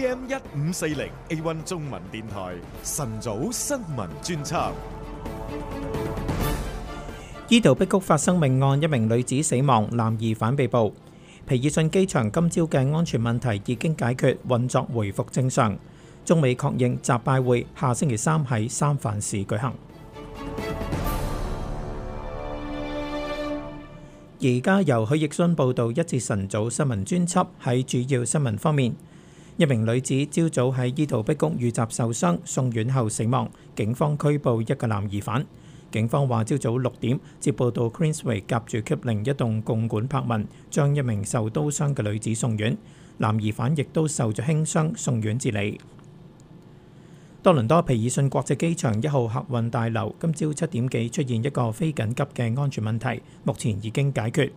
AM 一五四零 A1 中文電台晨早新聞專輯。怡陶碧谷發生命案，一名女子死亡，男疑犯被捕。皮爾遜機場今朝嘅安全問題已經解決，運作回復正常。中美確認習拜會下星期三喺三藩市舉行。而家由許奕迅報道，一節晨早新聞專輯喺主要新聞方面。一名女子朝早喺怡陶碧谷遇襲受傷，送院後死亡。警方拘捕一個男疑犯。警方話：朝早六點接報到 Queensway 夾住 Kipling 另一棟共管柏文，將一名受刀傷嘅女子送院。男疑犯亦都受咗輕傷，送院治理。多倫多皮爾遜國際機場一號客運大樓今朝七點幾出現一個非緊急嘅安全問題，目前已經解決。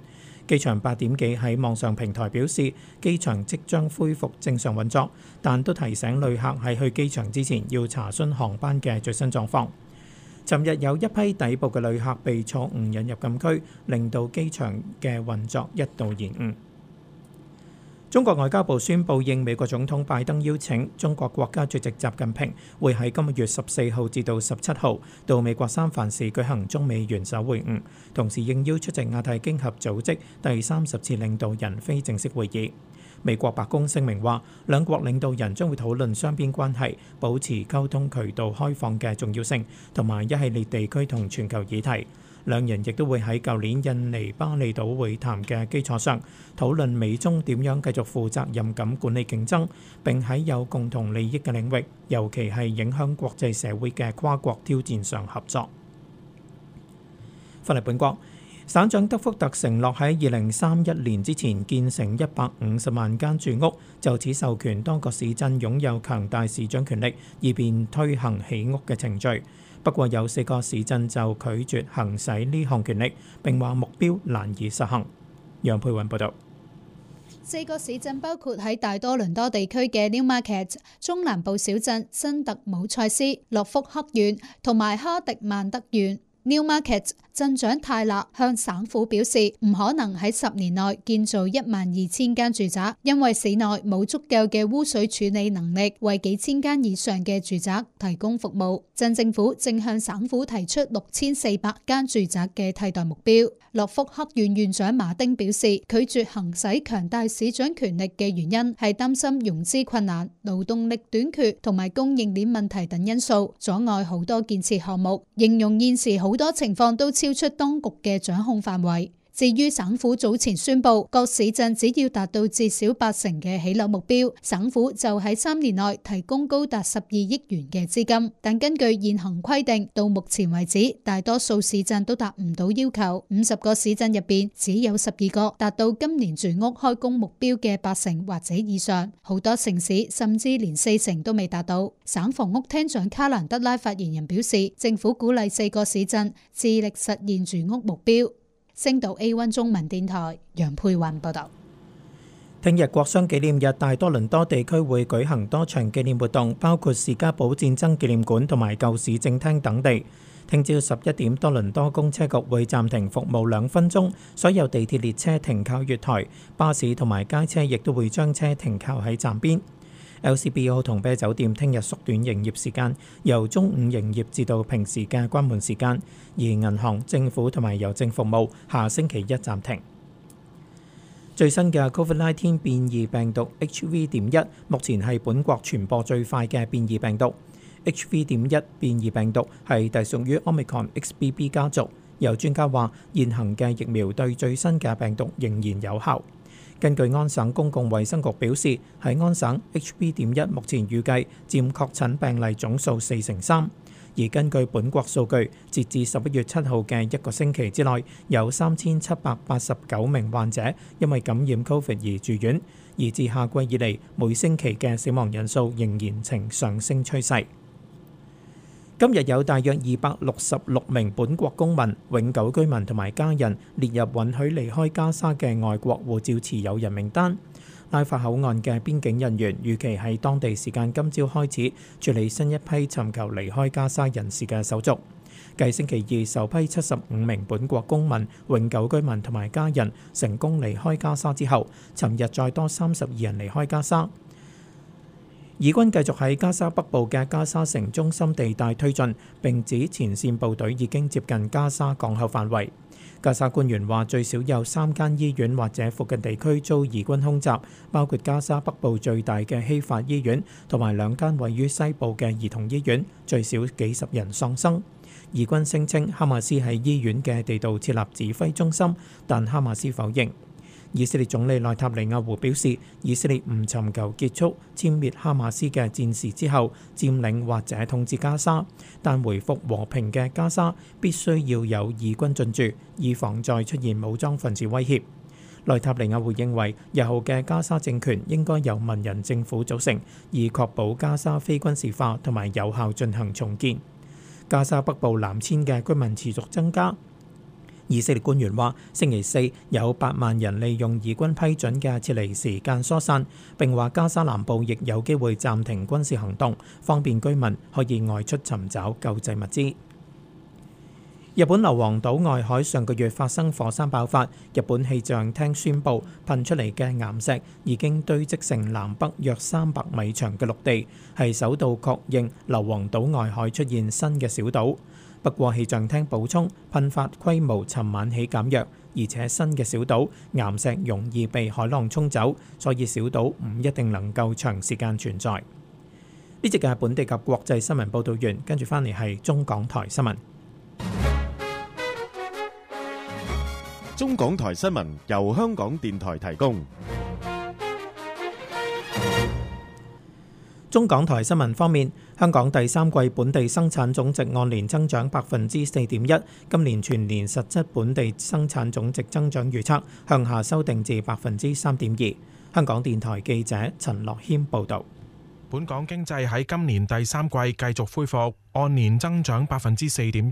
機場八點幾喺網上平台表示，機場即將恢復正常運作，但都提醒旅客喺去機場之前要查詢航班嘅最新狀況。尋日有一批底部嘅旅客被錯誤引入禁區，令到機場嘅運作一度延誤。中國外交部宣布應美國總統拜登邀請，中國國家主席習近平會喺今個月十四號至到十七號到美國三藩市舉行中美元首會晤，同時應邀出席亞太經合組織第三十次領導人非正式會議。美國白宮聲明話，兩國領導人將會討論雙邊關係、保持溝通渠道開放嘅重要性，同埋一系列地區同全球議題。兩人亦都會喺舊年印尼巴厘島會談嘅基礎上，討論美中點樣繼續負責任咁管理競爭，並喺有共同利益嘅領域，尤其係影響國際社會嘅跨國挑戰上合作。翻嚟本國，省長德福特承諾喺二零三一年之前建成一百五十萬間住屋，就此授權多個市鎮擁有強大市長權力，以便推行起屋嘅程序。不過有四個市鎮就拒絕行使呢項權力，並話目標難以實行。楊佩雲報導。四個市鎮包括喺大多倫多地區嘅 Newmarket、中南部小鎮新特姆賽斯、諾福克縣同埋哈迪曼德縣 Newmarket。New Market，鎮長泰勒向省府表示，唔可能喺十年內建造一萬二千間住宅，因為市內冇足夠嘅污水處理能力為幾千間以上嘅住宅提供服務。鎮政府正向省府提出六千四百間住宅嘅替代目標。諾福克縣縣長馬丁表示，拒絕行使強大市長權力嘅原因係擔心融資困難、勞動力短缺同埋供應鏈問題等因素阻礙好多建設項目，形容現時好多情況都超。超出當局嘅掌控範圍。至於省府早前宣布，各市鎮只要達到至少八成嘅起樓目標，省府就喺三年內提供高達十二億元嘅資金。但根據現行規定，到目前為止，大多數市鎮都達唔到要求。五十個市鎮入面，只有十二個達到今年住屋開工目標嘅八成或者以上，好多城市甚至連四成都未達到。省房屋廳長卡蘭德拉發言人表示，政府鼓勵四個市鎮致力實現住屋目標。星島 A1 中文電台楊佩雲報道，聽日國殤紀念日，大多倫多地區會舉行多場紀念活動，包括士嘉堡戰爭紀念館同埋舊市政廳等地。聽朝十一點，多倫多公車局會暫停服務兩分鐘，所有地鐵列車停靠月台，巴士同埋街車亦都會將車停靠喺站邊。L.C.B.O 同啤酒店聽日縮短營業時間，由中午營業至到平時嘅關門時間。而銀行、政府同埋郵政服務下星期一暫停。最新嘅 Covid 19變異病毒 H.V. 點一，目前係本國傳播最快嘅變異病毒。H.V. 點一變異病毒係隸屬於 omicron XBB 家族。有專家話，現行嘅疫苗對最新嘅病毒仍然有效。根據安省公共衛生局表示，喺安省 Hb 點一目前預計佔確診病例總數四成三，而根據本國數據，截至十一月七號嘅一個星期之內，有三千七百八十九名患者因為感染 COVID 而住院，而自夏季以嚟，每星期嘅死亡人數仍然呈上升趨勢。今日有大約二百六十六名本國公民、永久居民同埋家人列入允許離開加沙嘅外國護照持有人名單。拉法口岸嘅邊境人員預期喺當地時間今朝開始處理新一批尋求離開加沙人士嘅手續。繼星期二首批七十五名本國公民、永久居民同埋家人成功離開加沙之後，尋日再多三十二人離開加沙。以軍繼續喺加沙北部嘅加沙城中心地帶推進，並指前線部隊已經接近加沙港口範圍。加沙官員話，最少有三間醫院或者附近地區遭以軍空襲，包括加沙北部最大嘅希法醫院，同埋兩間位於西部嘅兒童醫院，最少幾十人喪生。以軍聲稱哈馬斯喺醫院嘅地道設立指揮中心，但哈馬斯否認。以色列總理內塔尼亞胡表示，以色列唔尋求結束殲滅哈馬斯嘅戰事之後佔領或者係統治加沙，但回復和平嘅加沙必須要有以軍進駐，以防再出現武裝分子威脅。內塔尼亞胡認為，日後嘅加沙政權應該由文人政府組成，以確保加沙非軍事化同埋有效進行重建。加沙北部南遷嘅居民持續增加。以色列官員話，星期四有八萬人利用以軍批准嘅撤離時間疏散，並話加沙南部亦有機會暫停軍事行動，方便居民可以外出尋找救濟物資。日本硫磺島外海上個月發生火山爆發，日本氣象廳宣布噴出嚟嘅岩石已經堆積成南北約三百米長嘅陸地，係首度確認硫磺島外海出現新嘅小島。不過氣象廳補充，噴發規模尋晚起減弱，而且新嘅小島岩石容易被海浪沖走，所以小島唔一定能夠長時間存在。呢只嘅係本地及國際新聞報導員，跟住翻嚟係中港台新聞。中港台新聞由香港電台提供。中港台新聞方面，香港第三季本地生產總值按年增長百分之四點一，今年全年實質本地生產總值增長預測向下修訂至百分之三點二。香港電台記者陳樂軒報道。本港經濟喺今年第三季繼續恢復，按年增長百分之四點一，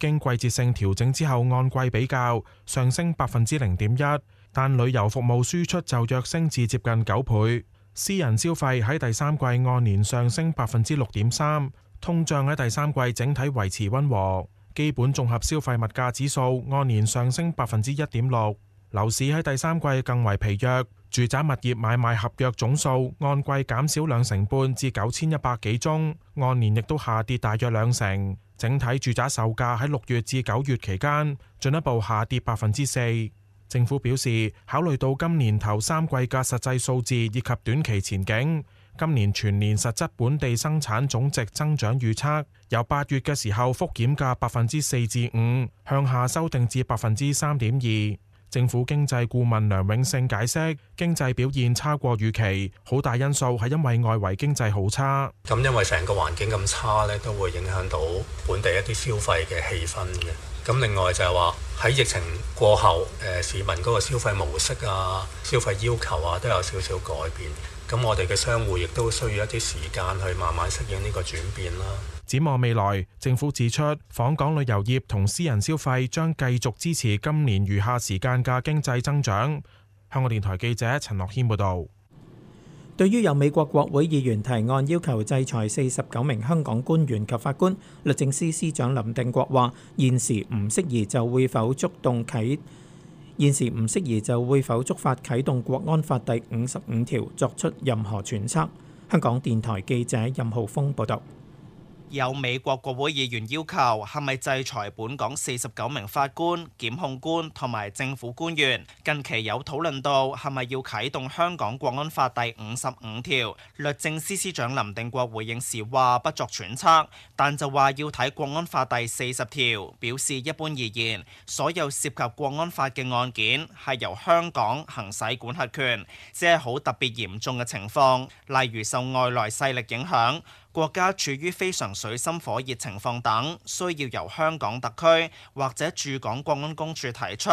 經季節性調整之後按季比較上升百分之零點一，但旅遊服務輸出就躍升至接近九倍。私人消費喺第三季按年上升百分之六點三，通脹喺第三季整體維持溫和，基本綜合消費物價指數按年上升百分之一點六。樓市喺第三季更為疲弱，住宅物業買賣合約總數按季減少兩成半至九千一百幾宗，按年亦都下跌大約兩成。整體住宅售價喺六月至九月期間進一步下跌百分之四。政府表示，考慮到今年頭三季嘅實際數字以及短期前景，今年全年實質本地生產總值增長預測由八月嘅時候復檢價百分之四至五向下修訂至百分之三點二。政府經濟顧問梁永勝解釋，經濟表現差過預期，好大因素係因為外圍經濟好差。咁因為成個環境咁差咧，都會影響到本地一啲消費嘅氣氛嘅。咁另外就係話喺疫情過後誒、呃、市民嗰個消費模式啊、消費要求啊，都有少少改變，咁我哋嘅商戶亦都需要一啲時間去慢慢適應呢個轉變啦。展望未來，政府指出，訪港旅遊業同私人消費將繼續支持今年餘下時間嘅經濟增長。香港電台記者陳樂謙報道。對於有美國國會議員提案要求制裁四十九名香港官員及法官，律政司司長林定國話：現時唔適宜就會否觸動啟，現時唔適宜就會否觸發啟動國安法第五十五條作出任何揣測。香港電台記者任浩峰報導。有美國國會議員要求係咪制裁本港四十九名法官、檢控官同埋政府官員，近期有討論到係咪要啟動香港國安法第五十五條。律政司司長林定國回應時話不作揣測，但就話要睇國安法第四十條，表示一般而言，所有涉及國安法嘅案件係由香港行使管轄權，即係好特別嚴重嘅情況，例如受外來勢力影響。國家處於非常水深火熱情況等，需要由香港特區或者駐港國安公署提出，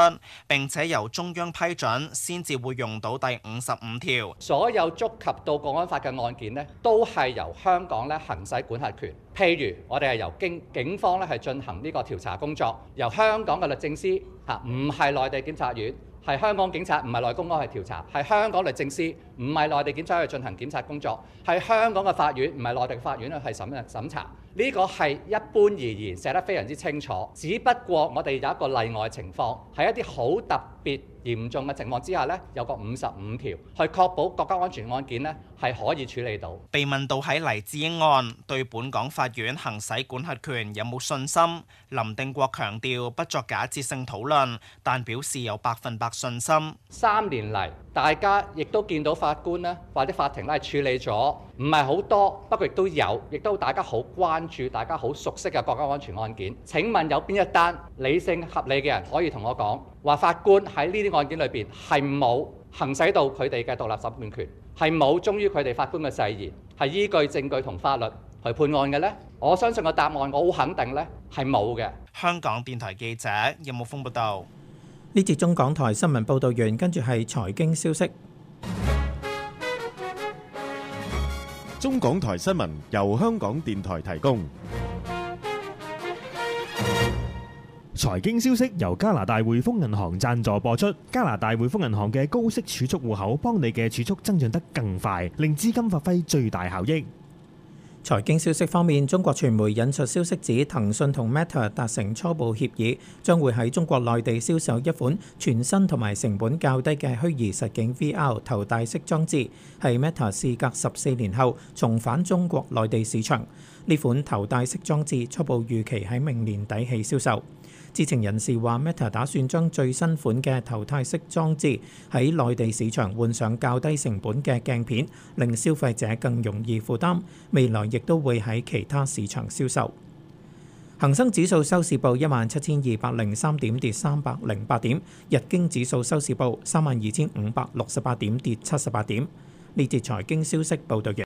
並且由中央批准，先至會用到第五十五條。所有觸及到國安法嘅案件呢，都係由香港咧行使管轄權。譬如我哋係由警警方咧係進行呢個調查工作，由香港嘅律政司嚇，唔係內地檢察院。係香港警察，唔係內地公安去調查；係香港律政司，唔係內地檢察去進行檢查工作；係香港嘅法院，唔係內地法院去審審查。呢、這個係一般而言寫得非常之清楚，只不過我哋有一個例外情況，係一啲好特別，嚴重嘅情況之下咧，有個五十五條去確保國家安全案件咧係可以處理到。被問到喺黎智英案對本港法院行使管轄權有冇信心，林定國強調不作假設性討論，但表示有百分百信心。三年嚟，大家亦都見到法官咧，或者法庭咧係處理咗唔係好多，不過亦都有，亦都大家好關注、大家好熟悉嘅國家安全案件。請問有邊一單理性合理嘅人可以同我講，話法官喺呢啲案件裏邊係冇行使到佢哋嘅獨立審判權，係冇忠於佢哋法官嘅誓言，係依據證據同法律去判案嘅呢。我相信個答案，我好肯定呢，係冇嘅。香港電台記者任木峰報道。呢節中港台新聞報道完，跟住係財經消息。中港台新聞由香港電台提供。。財經消息由加拿大匯豐銀行贊助播出。加拿大匯豐銀行嘅高息儲蓄戶口，幫你嘅儲蓄增長得更快，令資金發揮最大效益。財經消息方面，中國傳媒引述消息指，騰訊同 Meta 達成初步協議，將會喺中國內地銷售一款全新同埋成本較低嘅虛擬實境 VR 頭戴式裝置，係 Meta 事隔十四年後重返中國內地市場。呢款頭戴式裝置初步預期喺明年底起銷售。知情人士話，Meta 打算將最新款嘅頭戴式裝置喺內地市場換上較低成本嘅鏡片，令消費者更容易負擔。未來亦都會喺其他市場銷售。恆生指數收市報一萬七千二百零三點，跌三百零八點。日經指數收市報三萬二千五百六十八點，跌七十八點。呢節財經消息報道完。